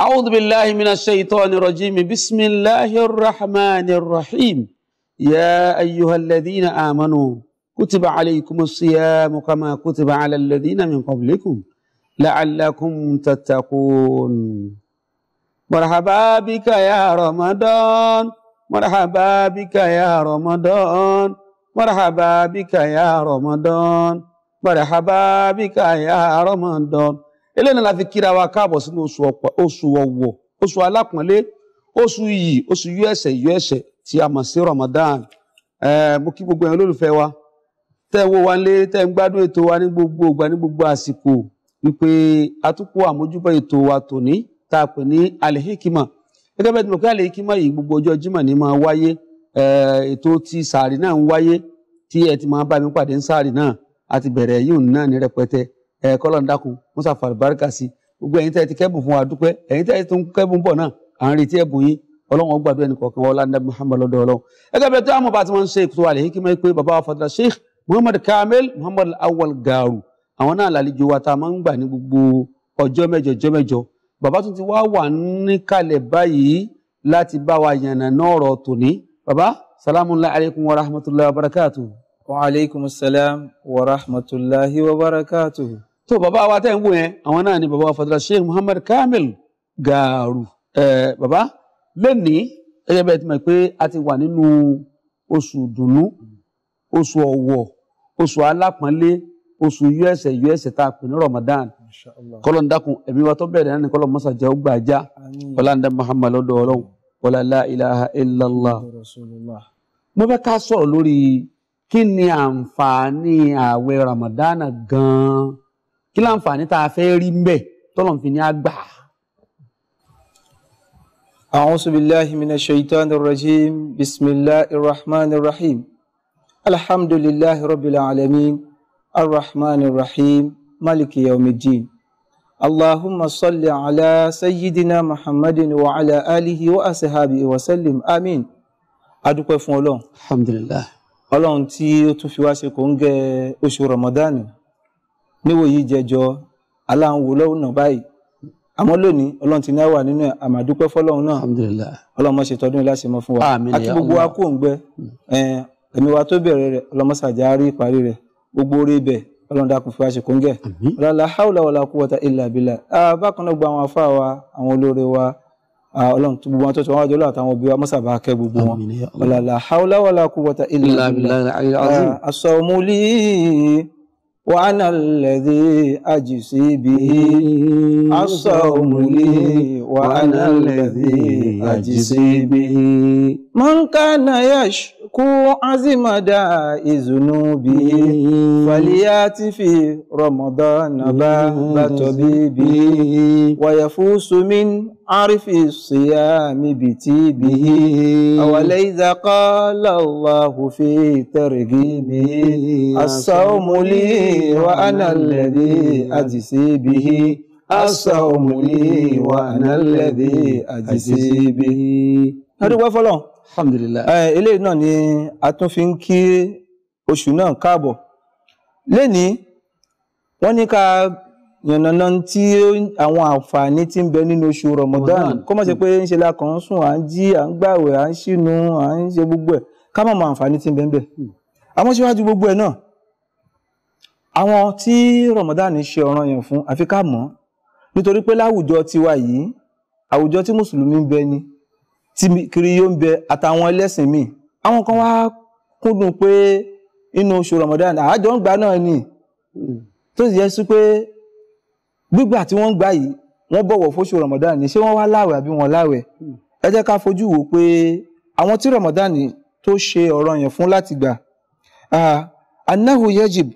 أعوذ بالله من الشيطان الرجيم بسم الله الرحمن الرحيم يا أيها الذين آمنوا كتب عليكم الصيام كما كتب على الذين من قبلكم لعلكم تتقون مرحبا بك يا رمضان مرحبا بك يا رمضان مرحبا بك يا رمضان مرحبا بك يا رمضان eléyìí la fi kíra wa káàbọ̀ sínú oṣù ọ̀wọ̀ oṣù alápọ̀nlé oṣù yìí oṣù yú ẹ̀ṣẹ̀ yú ẹ̀ṣẹ̀ tí a mọ̀ sí Ramadan mo kí gbogbo yẹn olólùfẹ́ wa tẹ́ ń wo wa lé tẹ́ ń gbádùn ètò wa ní gbogbo ìgbà ní gbogbo àsìkò wípé atukọ àmójúbọ ètò wa tòní tá a pè ní alihikima gẹ́gẹ́ bẹ́ẹ̀ tí mo kí alihikima yìí gbogbo ọjọ́ Jímọ̀ ní máa wáyé ètò ti sàárì náà ń wáyé tí ẹ ti máa bá mi pàdé ń sàárì náà àti bẹ̀rẹ̀ yìí náà ní rẹpẹtẹ ẹ kọ́lọ́n dákun wọ́n sàfà àlùbáríkà sí gbogbo ẹ̀yin tẹ́ ti kẹ́bùn fún wa dúpẹ́ ẹ̀yin tẹ́ ti ń kẹ́bùn bọ̀ náà à ń retí ẹ̀bùn yín ọlọ́run ọgbàdo ẹnì kọ̀ọ̀kan wọn lánàá muhammed lọ́dọ̀ ọlọ́run ẹgbẹ́ bẹ́ẹ̀ tó àmọ́ bá ti wọ́n ń ṣe ètò àlẹ́ hikima pé baba wa fadila sheikh muhammad Kamel muhammad awal garu àwọn náà lálejò wa tá a máa ń gbà ní gbogbo ọjọ́ mẹ́jọ ọjọ́ mẹ́jọ bàbá tún ti wá wà níkàlẹ̀ báyìí láti bá wa yànnà náà rọ̀ tòní baba salamu alaykum wa rahmatulahi wa barakatuhu. wa aleykum salaam wa rahmatulahi wa barakatuhu so bàbá wa tẹ́ ń wò yẹn àwọn náà ni bàbá wa fadila sheikh muhammad kamil gaaru bàbá lẹ́nìí gẹ́gẹ́ bẹ́ẹ̀ ti mọ̀ pé a ti wà nínú oṣù dùnú oṣù ọ̀wọ̀ oṣù alápọ̀nlé oṣù usa usa tá a pè ní ramadan kọlọ̀ ń dákun ẹ̀mí wa tó bẹ̀rẹ̀ náà ni kọlọ̀ mọ́sá jẹ́ ó gbà já kọlá ń dá lọ́dọ̀ ọlọ́run wọlá la ilaha illallah mo fẹ́ ká sọ̀rọ̀ lórí kí ni àǹfààní ààwẹ̀ ramadan gan-an kí láǹfààní tá a fẹ́ rí ń bẹ̀ tọ́lọ̀ fi ní á gbà. a'udhu billahi minash shaitani rrajim bismillahi rrahmani rrahim alhamdulillahi rabbil alamin arrahmani rrahim maliki yawmiddin allahumma salli ala sayyidina muhammadin wa ala alihi wa ashabihi wa sallim amin adúpẹ́ fún ọlọ́run alhamdulillah ọlọ́run tí ó tún fi wá ṣe kò ń gẹ oṣù ramadan níwò yìí jẹjọ aláǹwò lọ́nà báyìí àmọ́ lónìí ọlọ́run ti ní àwà nínú ẹ̀ àmàdúpẹ́ fọlọ́run náà ọlọ́mọ ṣe tọdún láti mọ fún wa àti gbogbo wa kò ń gbẹ ẹ̀mí wa tó bẹ̀rẹ̀ rẹ̀ ọlọ́mọ sàjárí ìparí rẹ̀ gbogbo orí ibẹ̀ ọlọ́run dákun fi wá ṣe kóńgẹ̀ ọlọ́lá haúlá wàlá kú wọ́ta ilà abilà bákan náà gba àwọn afá wa àwọn olóore wa ọlọ́run tó gbogbo wọn tó tó wọn wájú ọlọ́run àtàwọn òbí wa mọ́sàbá kẹ́ gbogbo wọn وأنا الذي أجزي به الصوم لي وأنا الذي أجزي به من كان يشكو kú azimada ìzùnúbi mm. fàlíyà tí fi rọmọdánà bá mm. bàtọ bíbí mm. wàyà fún sumin arifi siyami bitibi awàlẹ̀ ìzàkọ́ lọ́láhu fi tẹ̀rẹ̀gì bí asáwọ̀mùlì wa ánàlẹ̀dí àjìsí bí asáwọ̀mùlì wa ánàlẹ̀dí àjìsí bí. adúgbò fọlọ́n alhamdulillah. ẹ eh, eléyìí náà ni a tún fi ń kí oṣù náà káàbọ̀ lénìí wọ́n ní ká yànnàná tí àwọn àǹfààní tí ń bẹ nínú oṣù Ramadan kó má ṣe pé ń ṣe la kàn ń sùn à ń jí à ń gbàwẹ̀ à ń ṣìnú à ń ṣe gbogbo ẹ̀ ká má mọ àǹfààní tí ń bẹ ń bẹ hmm. àmọ́ síwájú gbogbo ẹ̀ náà àwọn tí Ramadan ṣe ọ̀ranyàn fún àfi ká mọ̀ nítorí pé láwùjọ tiwa yìí àwùjọ tí mùsùlùmí ń bẹ ni tí kiri yóò ń bẹ àtàwọn ẹlẹ́sìn míì àwọn kan wá kúndùn pé inú oṣù Ramadan àjọ ń gbà náà ni tó sì yẹ sí pé gbígbà tí wọ́n ń gbà yìí wọ́n bọ̀wọ̀ fóṣù Ramadan ni ṣé wọ́n wá láwẹ̀ àbí wọ́n láwẹ̀ ẹ jẹ́ ká fojú wò pé àwọn tí Ramadan tó ṣe ọ̀ranyàn fún láti gbà anahu yajib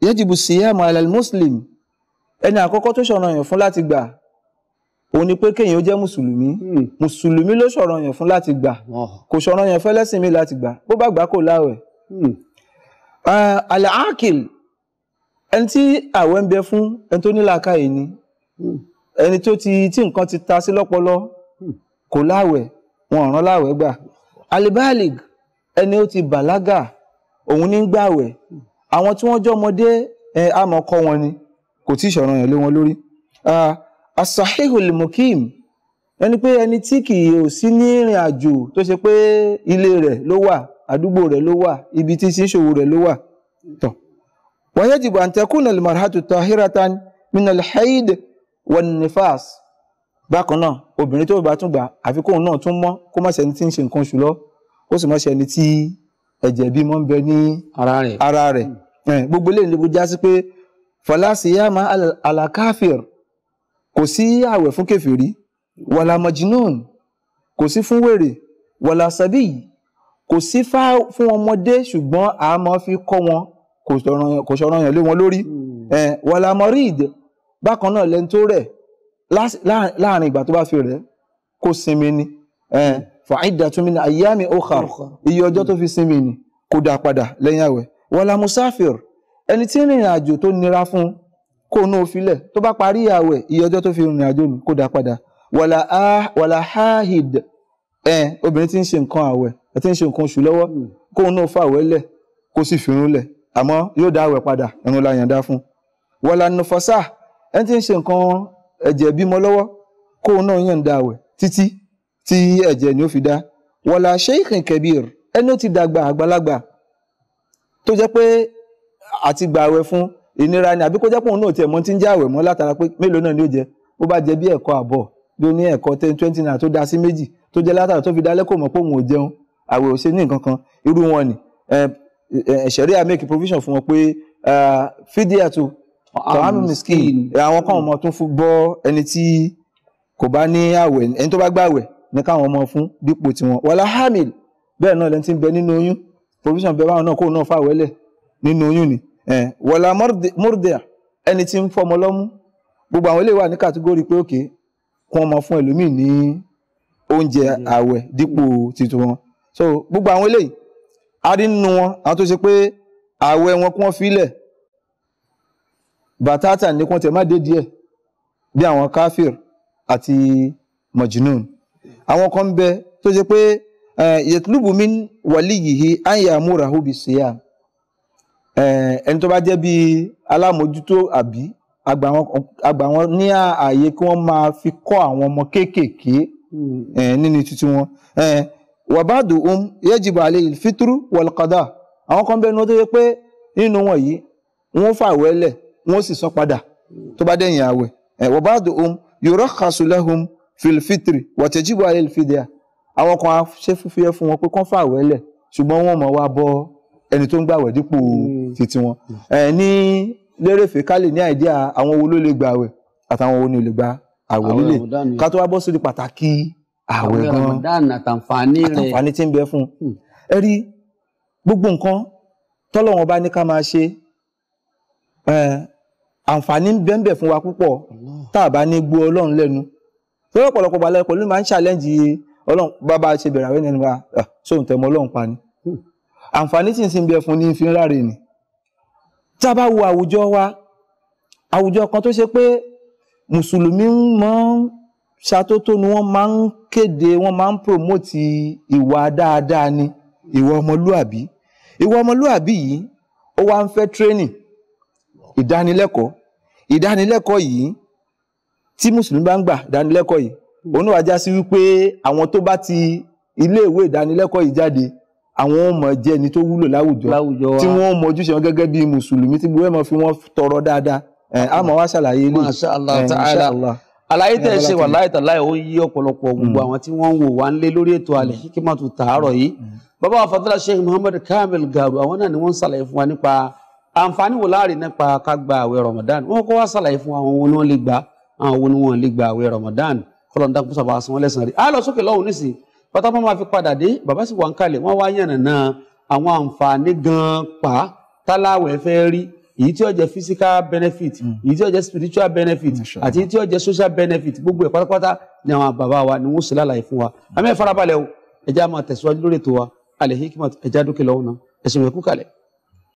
yajibu siyamu alal muslim ẹni àkọ́kọ́ tó ṣe ọ̀ranyàn fún láti gbà òun ni pé kéèyàn ó jẹ́ mùsùlùmí hmm. mùsùlùmí ló ṣọ̀rọ̀ yàn fún láti gbà kò ṣọ̀rọ̀ yàn fẹ́lẹ́sìn mi láti gbà bó bá gbà kò láwẹ̀. Hmm. alaakil ẹni tí àwẹ̀ ń bẹ fún ẹni tó ní làákàyè ni hmm. ẹni tó ti tí nǹkan ti ta sí lọ́pọlọ kò láwẹ̀ wọn ò rán láwẹ̀ gbà alibalig ẹni ó ti bàlágà òun ní gbàwẹ̀ àwọn tí wọ́n jọ́ ọmọdé ẹ̀ àmọ́ wọn ni kò tí ì ṣọ̀rọ̀ yàn lé wọn lórí asahihul mukim ẹni pé ẹni tí kì í ò sí ní ìrìn àjò tó ṣe pé ilé rẹ̀ ló wà àdúgbò rẹ̀ ló wà ibi tí sí ṣòwò rẹ̀ ló wà tán. wa yajibu an takuna al-mar'atu tahiratan min al-hayd wan-nifas bákan náà obìnrin tó bá tún gbà àfi kóun náà tún mọ́ kó má ṣe ẹni tí ń ṣe nǹkan oṣù lọ ó sì má ṣe ẹni tí ẹ̀jẹ̀ bímọ ń bẹ ní ara rẹ̀ gbogbo eléyìí ló já sí pé fala siyama ala kafir kò sí àwẹ̀ fún kèfèrí wàlà majinun kò sí fún wèrè wàlà sabi kò sí fún ọmọdé ṣùgbọ́n a máa fi kọ́ wọn kò sọ̀rọ̀ yàn lé wọn lórí wàlà morid bákan náà lẹ́ni tó rẹ̀ láàrin ìgbà tó bá fi rẹ̀ kó sinmi ni fa'iddatun min ayyami ukhar iye ọjọ́ tó fi sinmi ni kó dá padà lẹ́yìn àwẹ̀ wàlà musafir ẹni tí ń rìnrìn àjò tó nira fún un kó nú òfilẹ̀ tó bá parí àwẹ̀ iye ọjọ́ tó fi rìnrìn àjò nù kó dá padà wàlà ah wàlà ahid ẹ obìnrin tí ń ṣe nǹkan àwẹ̀ ẹ ti ń ṣe nǹkan oṣù lọ́wọ́ kó nú fa àwẹ̀ lẹ̀ kó sì fi irun lẹ̀ àmọ́ yóò dá àwẹ̀ padà irun la yànda fún wàlà nufasa ẹ ti ń ṣe nǹkan ẹ̀jẹ̀ bímọ lọ́wọ́ kó náà yànda àwẹ̀ títí tí ẹ̀jẹ̀ ni ó fi dá wàlà sheikhin kabir ẹni ti dàgbà àgbàlagbà tó jẹ́ pé àti gbà àwẹ̀ fún ìnira ni àbí kó jẹ́ pé òun náà tiẹ̀ mọ́ ti ń jẹ́ àwẹ̀ mọ́ látara pé mélòó náà ni ó jẹ ó bá jẹ bí ẹ̀kọ́ àbọ̀ bí ó ní ẹ̀kọ́ ten twenty naira tó da sí méjì tó jẹ́ látara tó fi dalẹ́ kò mọ̀ pé òun ò jẹun àwẹ̀ ò ṣe ní nǹkan kan irú wọn ni ṣẹ̀ríà make provision fún wọn pé fídíàtù tọ́hámù miskin àwọn kan ọmọ tún fún bọ́ ẹni tí kò bá ní àwẹ̀ ẹni tó bá gbà àwẹ̀ ní káwọn ọmọ fún dípò tiwọn wàlá hamil bẹ́ẹ̀ náà lẹ́ni tí ń bẹ nínú oyún provision bẹ́ẹ̀ báwọn náà kóun náà fàwẹ́lẹ̀ nínú oyún ni Eh, wọ̀là mọ́rùdíà ẹni tí ń fọmọ lọ́mú gbogbo àwọn eléyìí wà ní kàtígórì pé òkè kí wọ́n fún ẹlòmíì ní oúnjẹ ààwẹ̀ dípò titun wọn so gbogbo àwọn eléyìí a rí nínú wọn àwọn tó ṣe pé ààwẹ̀ wọn kí wọ́n filẹ̀ bàtàtà ní kí wọ́n tẹ̀ má dé díẹ̀ bí àwọn káfíìr àti mọ̀jìnnún àwọn kan bẹ tó ṣe pé eh, yẹtulubu min wàlíyìí ányà múra hóbi síyàm Eh, ẹni tó bá jẹ́ bí alámòjútó àbí àgbà wọn ní ààyè kí wọ́n máa fi kọ́ àwọn ọmọ kéékèèké hmm. eh, nínú títí wọn eh, wàbáàdù um yẹ́jìbà àlẹ́ ìfitru wọ̀lùkọ́dà àwọn kan bẹ́ẹ̀ ni wọ́n tó yẹ pé nínú wọn yìí wọ́n fàwẹ́ lẹ̀ wọ́n sì san padà hmm. tó bá dẹ̀yìn àwẹ̀ wàbáàdù um yurakhasu lahum filfitri wọ̀tẹ̀jìbà àlẹ́ ìfidíà àwọn kan á ṣe fífúyẹ́ fún wọn pé kán fàwẹ́ lẹ̀ ṣùgbọ́n wọ́n mọ̀ wá bọ́ ẹni tó ń gbàwẹ̀ dípò titi hmm. wọn ní lérèfé ká ní àìdíà àwọn wo ló lè gbàwẹ̀ àtàwọn wo ni ò lè gba àwẹ̀ líle ká tó wá bọ́ sí pàtàkì àwẹ̀ gan àtàǹfààní rẹ̀ àtàǹfààní tí ń bẹ fún un hmm. ẹ rí gbogbo nǹkan tọ́lọ́wọ́n bá ní ká máa ṣe àǹfààní ń bẹ fún wa púpọ̀ tá a bá ní gbọ́ ọlọ́run lẹ́nu lọ́pọ̀lọpọ̀ balẹ̀ pẹ̀lú máa ń ṣàlẹ́ǹjì ọlọ́run bá bá ṣe bẹ̀rẹ̀ àwẹ̀ nínú wa sóhun tẹ̀mọ́ ọlọ́run pa ni àǹfààní sì ń sin bí ẹfun ní fi ń ráre ni tá a bá wo àwùjọ wa àwùjọ kan tó ṣe pé mùsùlùmí máa ń ṣàtótó ni wọ́n máa ń kéde wọ́n máa ń promote ìwà dáadáa ni ìwà ọmọlúàbí ìwà ọmọlúàbí yìí ó wá ń fẹ́ training ìdánilẹ́kọ̀ọ́ ìdánilẹ́kọ̀ọ́ yìí tí mùsùlùmí bá ń gbà ìdánilẹ́kọ̀ọ́ yìí òun náà wá já sí wípé àwọn tó bá ti ilé ìdánilẹ́kọ̀ọ́ yìí jáde àwọn ọmọ jẹ́ ẹni tó wúlò láwùjọ tí wọ́n mọ ojúṣe wọn gẹ́gẹ́ bí mùsùlùmí tí gbogbo ẹ̀ mọ fi wọ́n tọrọ dáadáa àmọ́ wá ṣàlàyé ilé ìṣàlá àlàyé tẹ́ ṣe wà láì tàláì ó yí ọ̀pọ̀lọpọ̀ gbogbo mm. àwọn tí wọ́n ń wò wá ń lé lórí ètò Al Hikmat tàárọ̀ yìí mm. bàbá wa Fadila Sheikh Muhammad Kamil Garu àwọn náà ni wọ́n ń ṣàlàyé fún wa nípa àǹfààní wò láàrin nípa ká gba àwẹ̀ Ramadan wọ́n kọ́ wá ṣàlàyé fún àwọn wo ni wọ́n lè gba àwọn wo ni wọ́n lè gba àwẹ̀ Ramadan kọ́lọ́ndà pátá wọn máa fi padà dé bàbá sì wà ń kalẹ̀ wọ́n wá yànnàná àwọn àǹfààní gan-an pa táláwẹ̀ fẹ́ rí èyí tí ó jẹ́ physical benefit hmm. èyí tí ó jẹ́ spiritual benefit àti èyí tí ó jẹ́ social benefit gbogbo ẹ̀ pátápátá ni àwọn bàbá wa ni wọ́n sì lálàyé fún wa àmì ẹ̀ farabalẹ̀ o ẹ̀já máa tẹ̀síwájú lórí ètò wa Al-Hikmat ẹ̀já dókè lọ́wọ́ náà ẹ̀sìn ìwé kú kalẹ̀.